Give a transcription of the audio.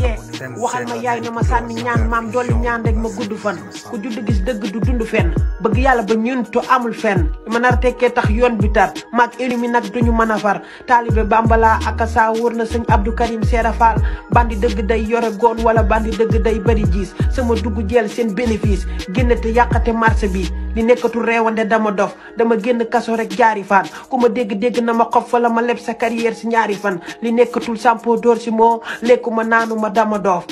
yes waxal ma yaay na ma sànni ñaan maam dolli ñaan rek ma gudd fan ku judd gis dëgg du dund fenn bëgg yàlla ba ñun tu amul fenn mën a tekkee tax yoon bi tar maag élimi nag duñu mën a far taalibe bambala ak saa wër na sëñ abdou karim seera faal bandi dëgg day yore goon wala bandi dëgg day bëri jiis sama dugg jel seen bénéfice génn te yàqate marché bi li nekkatul reewande dama dof dama génn kaso rek jaari fan ku dégg-dégg na ma xob fa ma leb sa carrière si ñaari fan li nekkatul sampo door si moo lekku ma dama doof